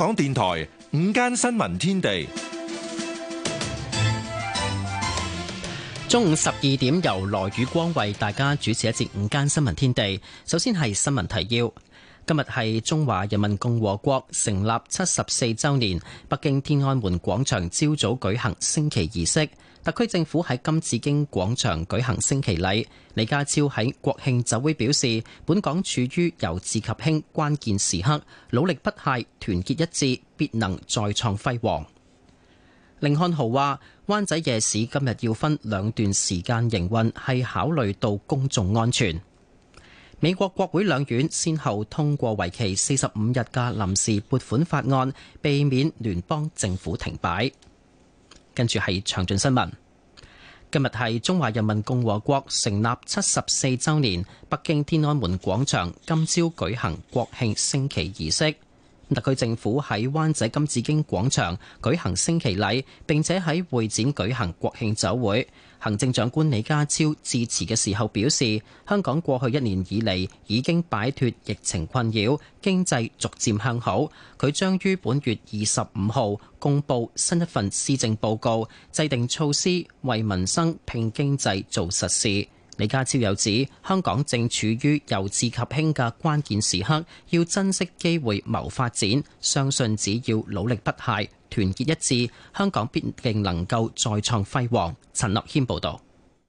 香港電台午間新聞天地，中午十二點由羅宇光為大家主持一節午間新聞天地。首先係新聞提要，今日係中華人民共和國成立七十四周年，北京天安門廣場朝早舉行升旗儀式。特區政府喺金紫荊廣場舉行升旗禮，李家超喺國慶酒會表示，本港處於由治及興關鍵時刻，努力不懈，團結一致，必能再創輝煌。凌漢豪話：灣仔夜市今日要分兩段時間營運，係考慮到公眾安全。美國國會兩院先後通過為期四十五日嘅臨時撥款法案，避免聯邦政府停擺。跟住係詳盡新聞。今日係中華人民共和國成立七十四週年，北京天安門廣場今朝舉行國慶升旗儀式。特區政府喺灣仔金紫荊廣場舉行升旗禮，並且喺會展舉行國慶酒會。行政長官李家超致辭嘅時候表示，香港過去一年以嚟已經擺脱疫情困擾，經濟逐漸向好。佢將於本月二十五號公布新一份施政報告，制定措施為民生、拼經濟做實事。李家超又指，香港正處於由治及興嘅關鍵時刻，要珍惜機會謀發展，相信只要努力不懈，團結一致，香港必定能夠再創輝煌。陳樂謙報導，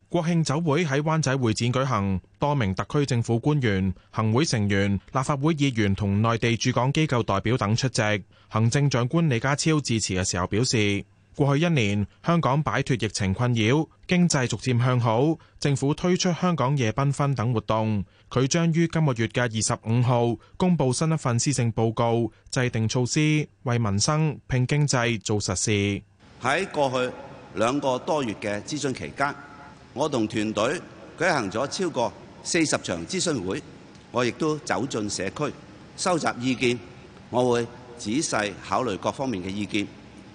國慶酒會喺灣仔會展舉行，多名特區政府官員、行會成員、立法會議員同內地駐港機構代表等出席。行政長官李家超致辭嘅時候表示，過去一年，香港擺脱疫情困擾，經濟逐漸向好，政府推出香港夜繽紛等活動。佢將於今個月嘅二十五號公佈新一份施政報告，制定措施為民生、拼經濟做實事。喺過去兩個多月嘅諮詢期間，我同團隊舉行咗超過四十場諮詢會，我亦都走進社區收集意見，我會仔細考慮各方面嘅意見。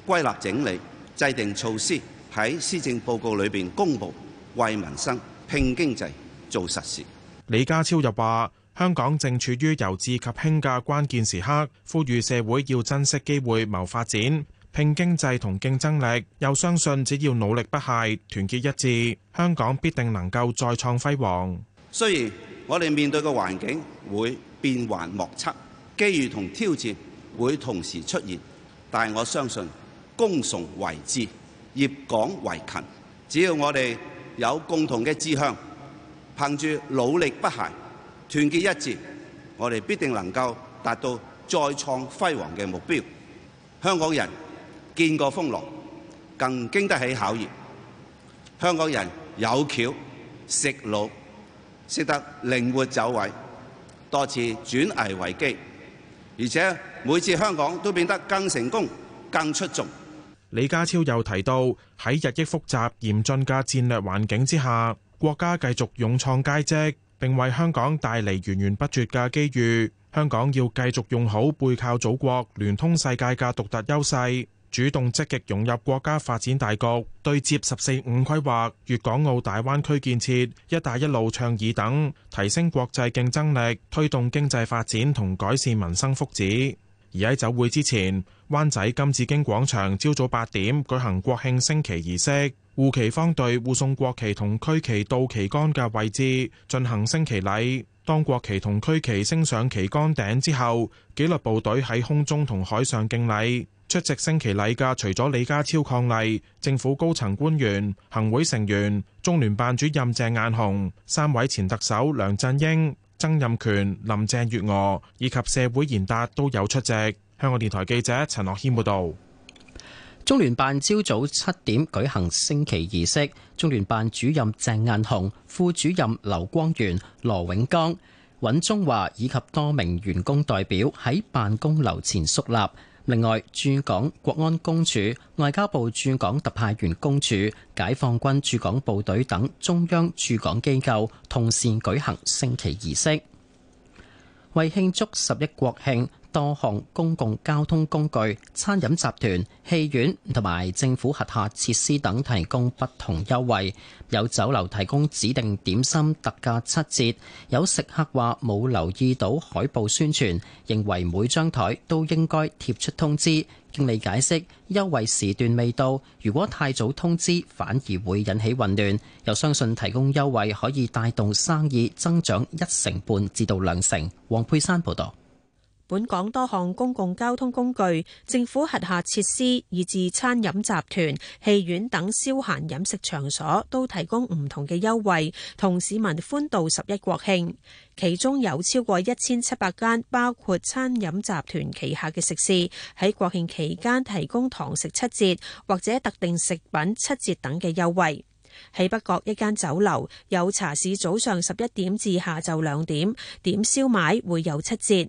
歸納整理，制定措施，喺施政報告裏邊公布，為民生拼經濟做實事。李家超又話：香港正處於由治及興嘅關鍵時刻，呼籲社會要珍惜機會謀發展，拼經濟同競爭力。又相信只要努力不懈、團結一致，香港必定能夠再創輝煌。雖然我哋面對嘅環境會變幻莫測，機遇同挑戰會同時出現，但我相信。功崇惟志，業廣惟勤。只要我哋有共同嘅志向，憑住努力不懈、團結一致，我哋必定能夠達到再創輝煌嘅目標。香港人見過風浪，更經得起考驗。香港人有橋食路，識得靈活走位，多次轉危為機，而且每次香港都變得更成功、更出眾。李家超又提到，喺日益複雜嚴峻嘅戰略環境之下，國家繼續勇創佳績，並為香港帶嚟源源不絕嘅機遇。香港要繼續用好背靠祖國、聯通世界嘅獨特優勢，主動積極融入國家發展大局，對接十四五規劃、粵港澳大灣區建設、一帶一路倡議等，提升國際競爭力，推動經濟發展同改善民生福祉。而喺酒會之前，灣仔金紫荊廣場朝早八點舉行國慶升旗儀式，護旗方隊護送國旗同區旗到旗杆嘅位置進行升旗禮。當國旗同區旗升上旗杆頂之後，紀律部隊喺空中同海上敬禮。出席升旗禮嘅除咗李家超伉儷、政府高層官員、行會成員、中聯辦主任鄭雁雄，三位前特首梁振英、曾蔭權、林鄭月娥以及社會賢達都有出席。香港電台記者陳樂謙報道，中聯辦朝早七點舉行升旗儀式，中聯辦主任鄭雁雄、副主任劉光源、羅永綱、尹中華以及多名員工代表喺辦公樓前肅立。另外，駐港國安公署、外交部駐港特派員公署、解放軍駐港部隊等中央駐港機構同時舉行升旗儀式，為慶祝十一國慶。多項公共交通工具、餐飲集團、戲院同埋政府轄下設施等提供不同優惠。有酒樓提供指定點心特價七折。有食客話冇留意到海報宣傳，認為每張枱都應該貼出通知。經理解釋優惠時段未到，如果太早通知反而會引起混亂。又相信提供優惠可以帶動生意增長一成半至到兩成。黃佩珊報導。本港多項公共交通工具、政府轄下設施，以至餐飲集團、戲院等消閒飲食場所，都提供唔同嘅優惠，同市民歡度十一國慶。其中有超過一千七百間，包括餐飲集團旗下嘅食肆，喺國慶期間提供堂食七折或者特定食品七折等嘅優惠。喺北角一間酒樓有茶市，早上十一點至下晝兩點點燒賣會有七折。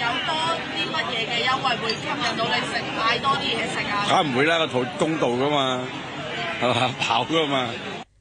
有多啲乜嘢嘅優惠會吸引到你食買多啲嘢食啊？梗係唔會啦，個肚公道噶嘛，係嘛跑噶嘛？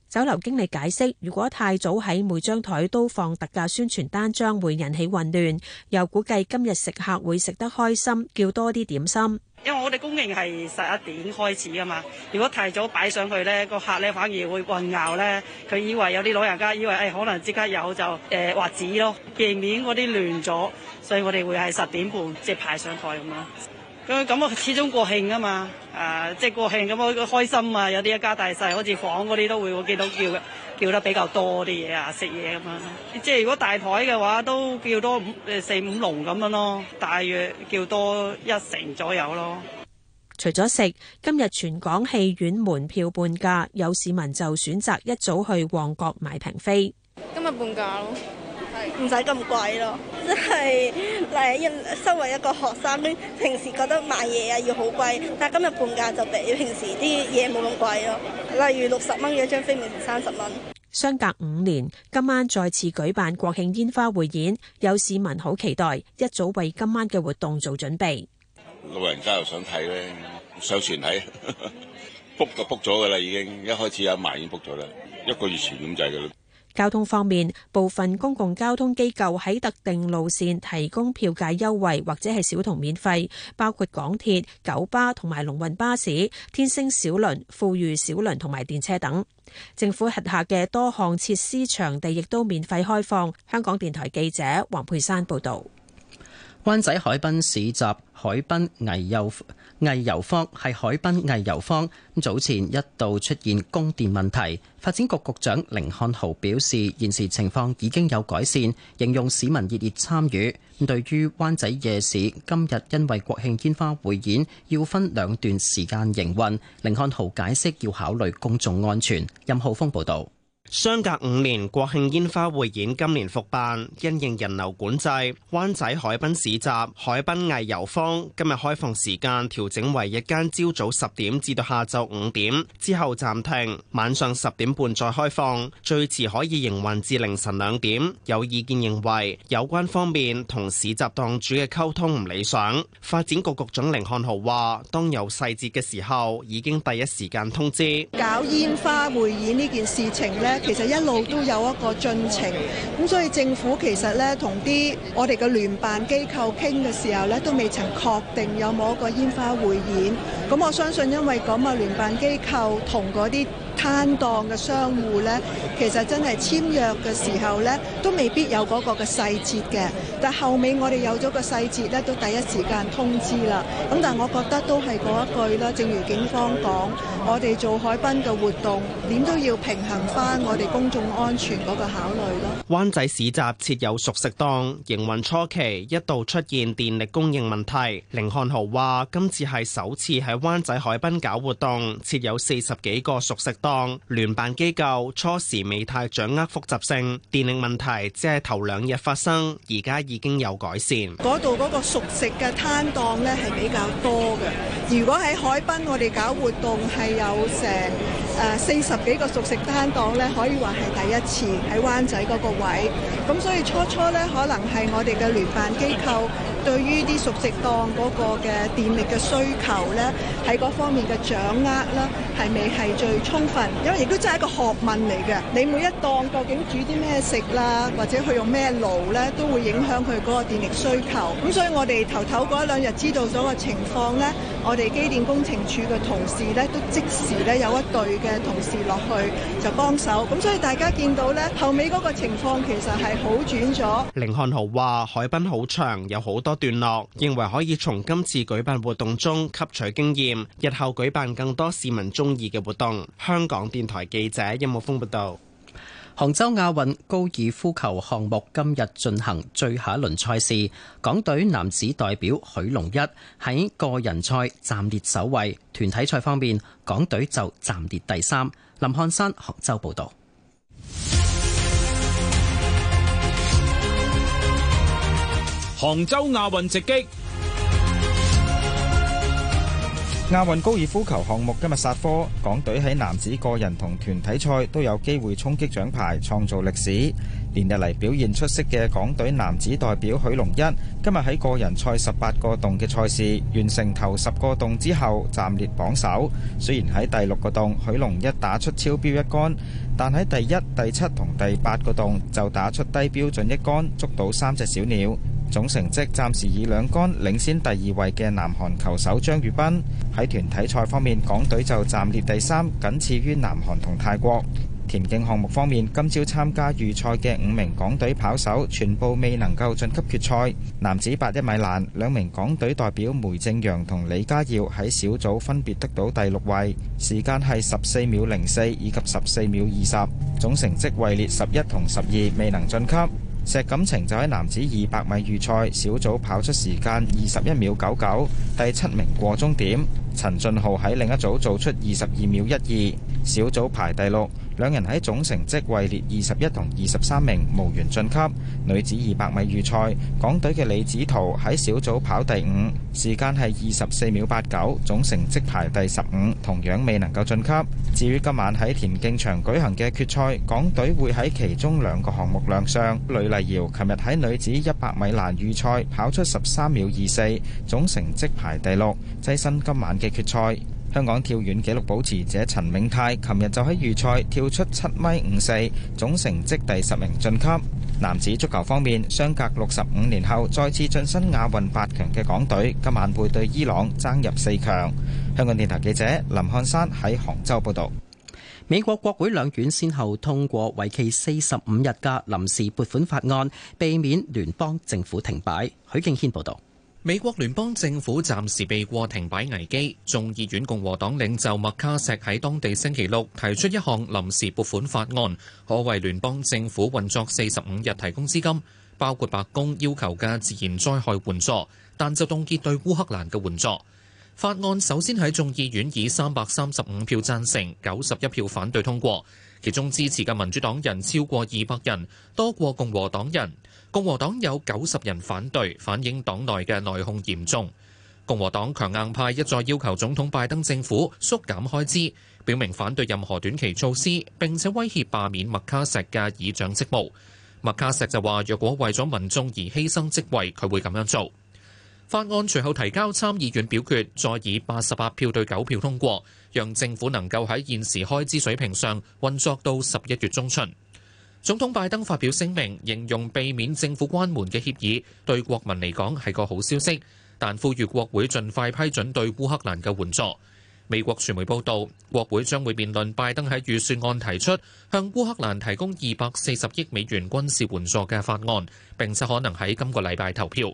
酒樓經理解釋，如果太早喺每張台都放特價宣傳單張，會引起混亂，又估計今日食客會食得開心，叫多啲點心。因為我哋供應係十一點開始㗎嘛，如果提早擺上去咧，個客咧反而會混淆咧，佢以為有啲老人家以為誒、哎、可能即刻有就誒畫紙咯，避免嗰啲亂咗，所以我哋會係十點半即係排上台咁啦。咁始終國慶啊嘛，啊即係國慶咁我開心啊，有啲一家大細，好似房嗰啲都會我見到叫叫得比較多啲嘢啊，食嘢咁樣。即係如果大枱嘅話，都叫多五四五籠咁樣咯，大約叫多一成左右咯。除咗食，今日全港戲院門票半價，有市民就選擇一早去旺角買平飛。今日半價咯。唔使咁貴咯，即係嚟一身為一個學生，平時覺得買嘢啊要好貴，但係今日半價就比平時啲嘢冇咁貴咯。例如六十蚊嘅一張飛，變成三十蚊。相隔五年，今晚再次舉辦國慶煙花匯演，有市民好期待，一早為今晚嘅活動做準備。老人家又想睇咧，上船睇，book 就 book 咗噶啦，已經一開始有一萬已經 book 咗啦，一個月前咁滯噶啦。交通方面，部分公共交通機構喺特定路線提供票價優惠或者係小童免費，包括港鐵、九巴同埋龍運巴士、天星小輪、富裕小輪同埋電車等。政府轄下嘅多項設施場地亦都免費開放。香港電台記者黃佩珊報道。灣仔海濱市集、海濱危幼。藝遊坊，係海濱藝遊坊，早前一度出現供電問題，發展局局長凌漢豪表示，現時情況已經有改善，形容市民熱烈參與。對於灣仔夜市今日因為國慶煙花匯演，要分兩段時間營運，凌漢豪解釋要考慮公眾安全。任浩峰報道。相隔五年，國慶煙花匯演今年復辦，因應人流管制，灣仔海濱市集海濱藝遊坊今日開放時間調整為日間朝早十點至到下晝五點之後暫停，晚上十點半再開放，最遲可以營運至凌晨兩點。有意見認為有關方面同市集檔主嘅溝通唔理想。發展局局長甯漢豪話，當有細節嘅時候，已經第一時間通知。搞煙花匯演呢件事情咧？其實一路都有一個進程，咁所以政府其實咧同啲我哋嘅聯辦機構傾嘅時候咧，都未曾確定有冇一個煙花匯演。咁我相信因為咁啊，聯辦機構同嗰啲。攤檔嘅商戶呢，其實真係簽約嘅時候呢，都未必有嗰個嘅細節嘅。但後尾我哋有咗個細節呢，都第一時間通知啦。咁但係我覺得都係嗰一句啦，正如警方講，我哋做海濱嘅活動，點都要平衡返我哋公眾安全嗰個考慮咯。灣仔市集設有熟食檔，營運初期一度出現電力供應問題。凌漢豪話：今次係首次喺灣仔海濱搞活動，設有四十幾個熟食檔。當聯辦機構初時未太掌握複雜性，電力問題只係頭兩日發生，而家已經有改善。嗰度嗰個熟食嘅攤檔咧，係比較多嘅，如果喺海濱我哋搞活動係有成。誒四十幾個熟食攤檔咧，可以話係第一次喺灣仔嗰個位，咁所以初初咧，可能係我哋嘅聯辦機構對於啲熟食檔嗰個嘅電力嘅需求咧，喺嗰方面嘅掌握啦，係未係最充分，因為亦都真係一個學問嚟嘅。你每一檔究竟煮啲咩食啦，或者佢用咩爐咧，都會影響佢嗰個電力需求。咁所以我哋頭頭嗰一兩日知道咗個情況咧。我哋機電工程處嘅同事咧，都即時咧有一隊嘅同事落去就幫手，咁所以大家見到咧後尾嗰個情況其實係好轉咗。凌漢豪話：海濱好長，有好多段落，認為可以從今次舉辦活動中吸取經驗，日後舉辦更多市民鍾意嘅活動。香港電台記者任武峯報道。杭州亞運高爾夫球項目今日進行最後一輪賽事，港隊男子代表許龍一喺個人賽暫列首位，團體賽方面港隊就暫列第三。林漢山，杭州報道。杭州亞運直擊。亞運高爾夫球項目今日煞科，港隊喺男子個人同團體賽都有機會衝擊獎牌，創造歷史。連日嚟表現出色嘅港隊男子代表許龍一，今日喺個人賽十八個洞嘅賽事，完成頭十個洞之後暫列榜首。雖然喺第六個洞許龍一打出超標一杆，但喺第一、第七同第八個洞就打出低標準一杆，捉到三隻小鳥。總成績暫時以兩杆領先第二位嘅南韓球手張宇斌。喺團體賽方面，港隊就暫列第三，僅次於南韓同泰國。田徑項目方面，今朝參加預賽嘅五名港隊跑手全部未能夠晉級決賽。男子八一米欄，兩名港隊代表梅正陽同李家耀喺小組分別得到第六位，時間係十四秒零四以及十四秒二十，總成績位列十一同十二，未能晉級。石錦程就喺男子二百米預賽小組跑出時間二十一秒九九，第七名過終點。陳俊豪喺另一組做出二十二秒一二，小組排第六。兩人喺總成績位列二十一同二十三名，無緣晉級。女子二百米預賽，港隊嘅李子圖喺小組跑第五，時間係二十四秒八九，總成績排第十五，同樣未能夠晉級。至於今晚喺田徑場舉行嘅決賽，港隊會喺其中兩個項目亮相。呂麗瑤琴日喺女子一百米欄預賽跑出十三秒二四，總成績排第六，躋身今晚嘅決賽。香港跳遠紀錄保持者陳銘泰，琴日就喺預賽跳出七米五四，總成績第十名晉級。男子足球方面，相隔六十五年後再次晉身亞運八強嘅港隊，今晚會對伊朗爭入四強，香港電台記者林漢山喺杭州報道。美國國會兩院先後通過為期四十五日嘅臨時撥款法案，避免聯邦政府停擺。許敬軒報道。美國聯邦政府暫時避過停擺危機，眾議院共和黨領袖麥卡錫喺當地星期六提出一項臨時撥款法案，可為聯邦政府運作四十五日提供資金，包括白宮要求嘅自然災害援助，但就凍結對烏克蘭嘅援助。法案首先喺眾議院以三百三十五票贊成、九十一票反對通過。其中支持嘅民主黨人超過二百人，多過共和黨人。共和黨有九十人反對，反映黨內嘅內訌嚴重。共和黨強硬派一再要求總統拜登政府縮減開支，表明反對任何短期措施，並且威脅罷免麥卡錫嘅議長職務，麥卡錫就話，若果為咗民眾而犧牲職位，佢會咁樣做。法案隨後提交參議院表決，再以八十八票對九票通過，讓政府能夠喺現時開支水平上運作到十一月中旬。總統拜登發表聲明，形容避免政府關門嘅協議對國民嚟講係個好消息，但呼籲國會盡快批准對烏克蘭嘅援助。美國傳媒報道，國會將會辯論拜登喺預算案提出向烏克蘭提供二百四十億美元軍事援助嘅法案，並且可能喺今個禮拜投票。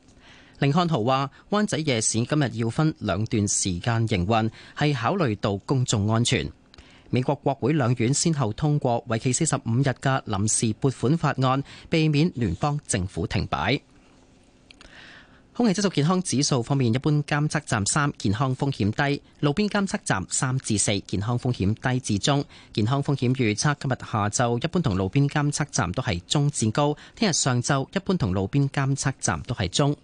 寧漢豪話：灣仔夜市今日要分兩段時間營運，係考慮到公眾安全。美國國會兩院先後通過為期四十五日嘅臨時撥款法案，避免聯邦政府停擺。空氣質素健康指數方面，一般監測站三，健康風險低；路邊監測站三至四，健康風險低至中。健康風險預測今日下晝一般同路邊監測站都係中至高，聽日上晝一般同路邊監測站都係中。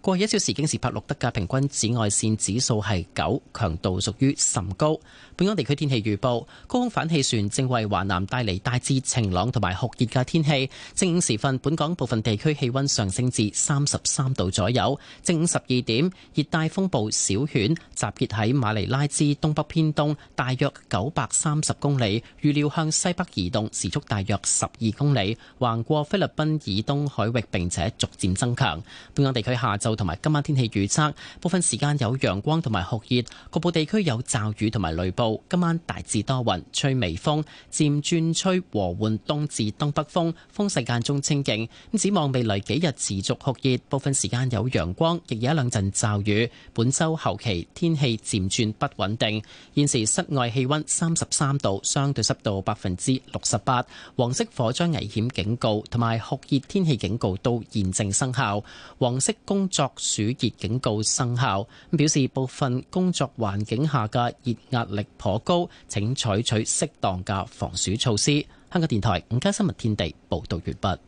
過去一小時，京士柏錄得嘅平均紫外線指數係九，強度屬於甚高。本港地區天氣預報，高空反氣旋正為華南帶嚟大致晴朗同埋酷熱嘅天氣。正午時分，本港部分地區氣温上升至三十三度左右。正午十二點，熱帶風暴小犬集結喺馬尼拉之東北偏東，大約九百三十公里，預料向西北移動，時速大約十二公里，橫過菲律賓以東海域，並且逐漸增強。本港地區下晝，同埋今晚天氣預測，部分時間有陽光同埋酷熱，局部地區有驟雨同埋雷暴。今晚大致多雲，吹微風，漸轉吹和緩東至東北風，風勢間中清勁。咁展望未來幾日持續酷熱，部分時間有陽光，亦有一兩陣驟雨。本周後期天氣漸轉不穩定。現時室外氣溫三十三度，相對濕度百分之六十八。黃色火災危險警告同埋酷熱天氣警告都現正生效。黃色公作暑熱警告生效，咁表示部分工作環境下嘅熱壓力頗高，請採取，取適當嘅防暑措施。香港電台午間新聞天地報道完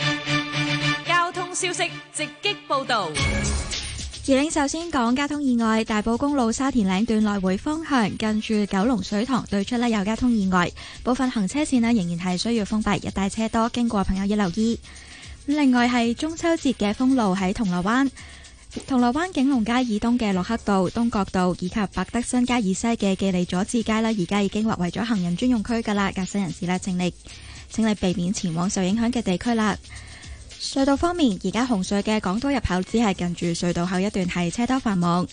畢。交通消息直擊報導，而領首先講交通意外，大埔公路沙田嶺段來回方向近住九龍水塘對出呢有交通意外，部分行車線啊仍然係需要封閉，一帶車多，經過朋友要留意。另外係中秋節嘅封路喺銅鑼灣，銅鑼灣景隆街以東嘅駱克道、東角道以及百德新街以西嘅記利佐治街啦，而家已經劃為咗行人專用區噶啦，駕駛人士咧，請你，請你避免前往受影響嘅地區啦。隧道方面，而家紅隧嘅港島入口只係近住隧道口一段係車多繁忙，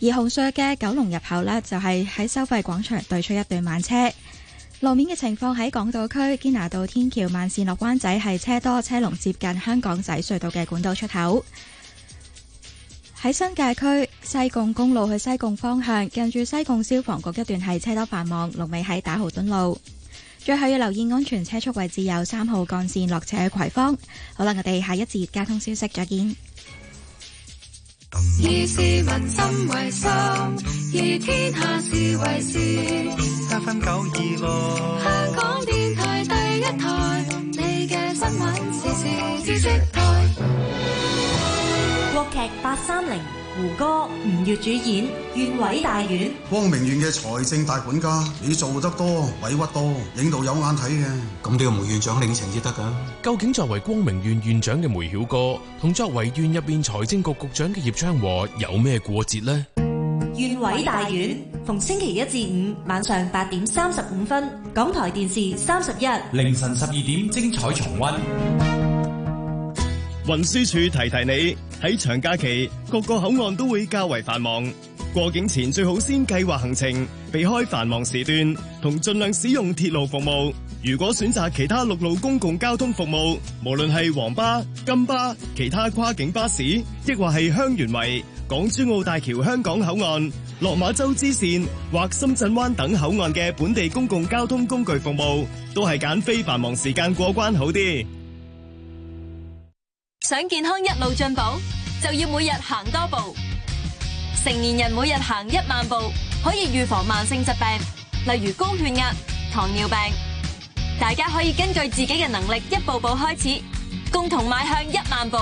而紅隧嘅九龍入口呢，就係、是、喺收費廣場對出一段慢車。路面嘅情況，喺港島區堅拿道天橋慢線落灣仔係車多車龍，接近香港仔隧道嘅管道出口。喺新界區西貢公路去西貢方向近住西貢消防局一段係車多繁忙，龍尾喺打蠔墩路。最後要留意安全車速位置有三號幹線落車葵芳。好啦，我哋下一節交通消息再見。以市民心為心，以天下事為事。七分九二六，香港電台第一台，你嘅新聞時事資訊台。國劇八三零。胡歌、吳越主演《縣委大院》，光明縣嘅財政大管家，你做得多委屈多，影到有眼睇嘅，咁都要梅縣長領情至得噶。究竟作為光明縣縣長嘅梅曉歌，同作為縣入邊財政局局長嘅葉昌和，有咩過節呢？《縣委大院》逢星期一至五晚上八點三十五分，港台電視三十一，凌晨十二點精彩重溫。運輸署提提你喺長假期，各個口岸都會較為繁忙。過境前最好先計劃行程，避開繁忙時段，同盡量使用鐵路服務。如果選擇其他陸路公共交通服務，無論係黃巴、金巴、其他跨境巴士，亦或係香園圍、港珠澳大橋香港口岸、落馬洲支線或深圳灣等口岸嘅本地公共交通工具服務，都係揀非繁忙時間過關好啲。想健康一路進步，就要每日行多步。成年人每日行一萬步可以預防慢性疾病，例如高血壓、糖尿病。大家可以根據自己嘅能力一步步開始，共同邁向一萬步。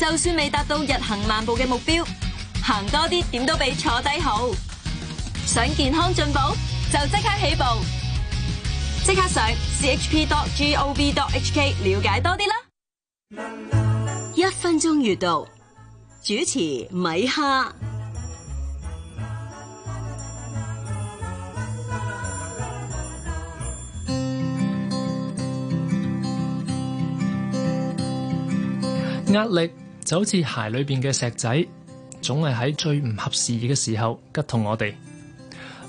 就算未達到日行萬步嘅目標，行多啲點都比坐低好。想健康進步，就即刻起步，即刻上 c h p dot g o v dot 一分鐘閱讀，主持米哈。壓力就好似鞋裏邊嘅石仔，總係喺最唔合時宜嘅時候拮痛我哋。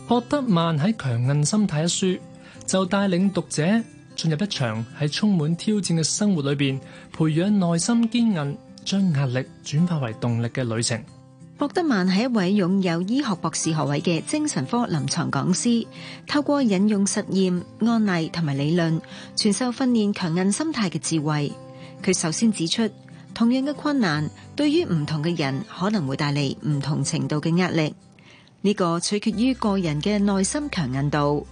博德曼喺《強硬心態》一書就帶領讀者。進入一場喺充滿挑戰嘅生活裏邊，培養內心堅韌，將壓力轉化為動力嘅旅程。博德曼係一位擁有醫學博士學位嘅精神科臨床講師，透過引用實驗案例同埋理論，傳授訓練，練強韌心態嘅智慧。佢首先指出，同樣嘅困難，對於唔同嘅人，可能會帶嚟唔同程度嘅壓力，呢、這個取決於個人嘅內心強韌度。